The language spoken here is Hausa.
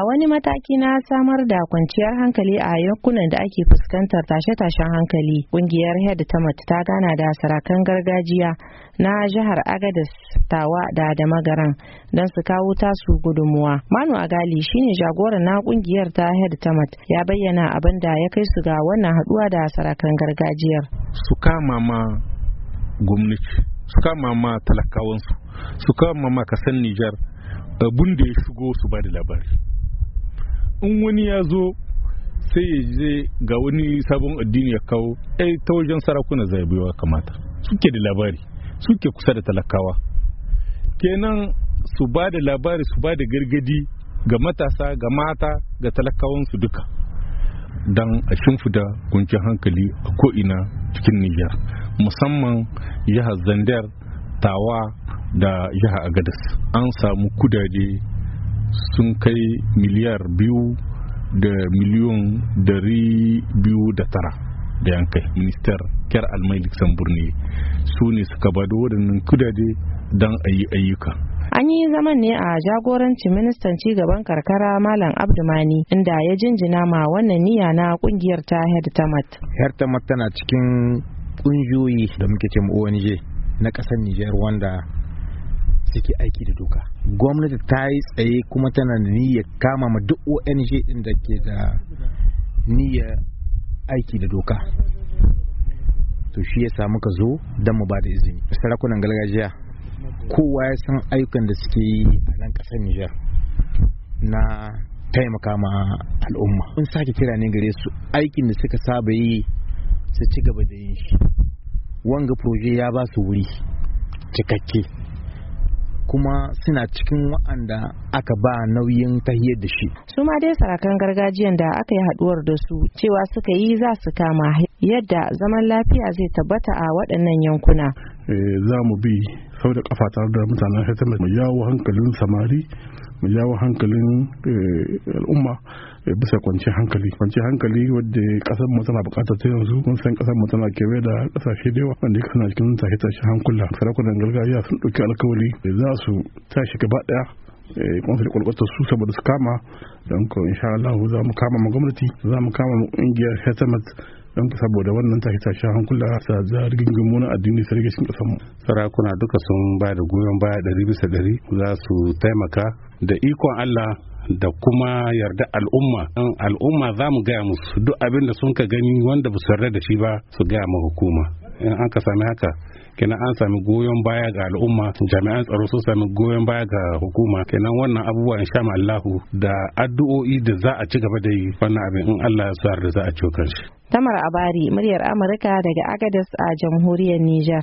a wani mataki na samar da kwanciyar hankali a yankunan da ake fuskantar tashe-tashen hankali kungiyar head tamat ta gana da sarakan gargajiya na jihar agadis tawa da da magaran don su kawo tasu gudunmuwa manu agali shine jagoran na kungiyar ta head tamat ya bayyana abin da ya kai su ga wannan haduwa da sarakan gargajiyar su kama ma gwamnati su kama ma talakawansu su kama ma kasan nijar abin da ya shigo su ba da labari in wani ya zo sai ya je ga wani sabon addini ya kawo ai eh, ta wajen sarakuna zabewa kamata suke da labari suke kusa da talakawa kenan su ba da labari su ba da gargadi ga matasa ga mata ga talakawansu duka don a shimfida kuncin hankali a ko'ina cikin Nijar musamman jihar Zandar tawa da jihar Agadis an samu kudaje sun kai miliyar biyu da miliyon dari biyu da tara da yankai minister kyar almai luxembourg ne su ne suka da waɗannan kudade don a yi ayyuka An yi zaman ne a jagorancin ministan cigaban karkara Malam Abdumani inda ya jinjina ma wannan niyya na kungiyar ta Hertamat. Hertamat tana cikin kungiyoyi da muke ce ONG na ƙasar Nijar wanda suke aiki da doka gwamnati ta yi tsaye kuma tana da niyyar kama ma duk ONG din da ke da niyyar aiki da doka to shi ya samu ka zo don mu ba da izini sarakunan gargajiya kowa ya san ayyukan da suke yi a nan ƙasar Nijar na taimaka ma al'umma mun sake kira ne gare su aikin da suka saba yi su ci gaba da yin shi wanga proje ya ba su wuri cikakke kuma suna cikin wa'anda aka ba nauyin tahiyar da shi su ma dai sarakan gargajiyan da aka yi haduwar da su cewa suka yi za su kama yadda zaman lafiya zai tabbata a waɗannan yankuna Eh, za mu bi sau da kafa tare da mutanen hatima mu jawo hankalin samari mu jawo hankalin eh, al'umma eh, bisa kwanci hankali kwanci hankali wadda kasar mu tana bukatar ta yanzu mun san kasar mu tana kewe da kasashe da yawa wanda kana cikin tashe shi hankula sarakunan gargajiya sun dauki alkawari za su tashi gaba daya kwanfil kwalkwatar su saboda su kama don ko insha Allah za mu kama mu gwamnati za mu kama mu kungiyar don saboda wannan ta shahan kula sa za rigingimu addini sai ga cikin kasanmu sarakuna duka sun ba da goyon baya ɗari bisa dari za su taimaka da ikon Allah da kuma yarda al'umma al'umma za mu gaya musu duk abin da sun ka gani wanda ba su yarda da shi ba su gaya ma hukuma in an ka sami haka kenan an sami goyon baya ga al'umma jami'an tsaro sun sami goyon baya ga hukuma kenan wannan abubuwa in sha Allahu da addu'o'i da za a ci gaba da yi wannan abin in Allah ya sa da za a ciwo kanshi Tamar Abari muryar Amurka daga Agadez a jamhuriyar Nijar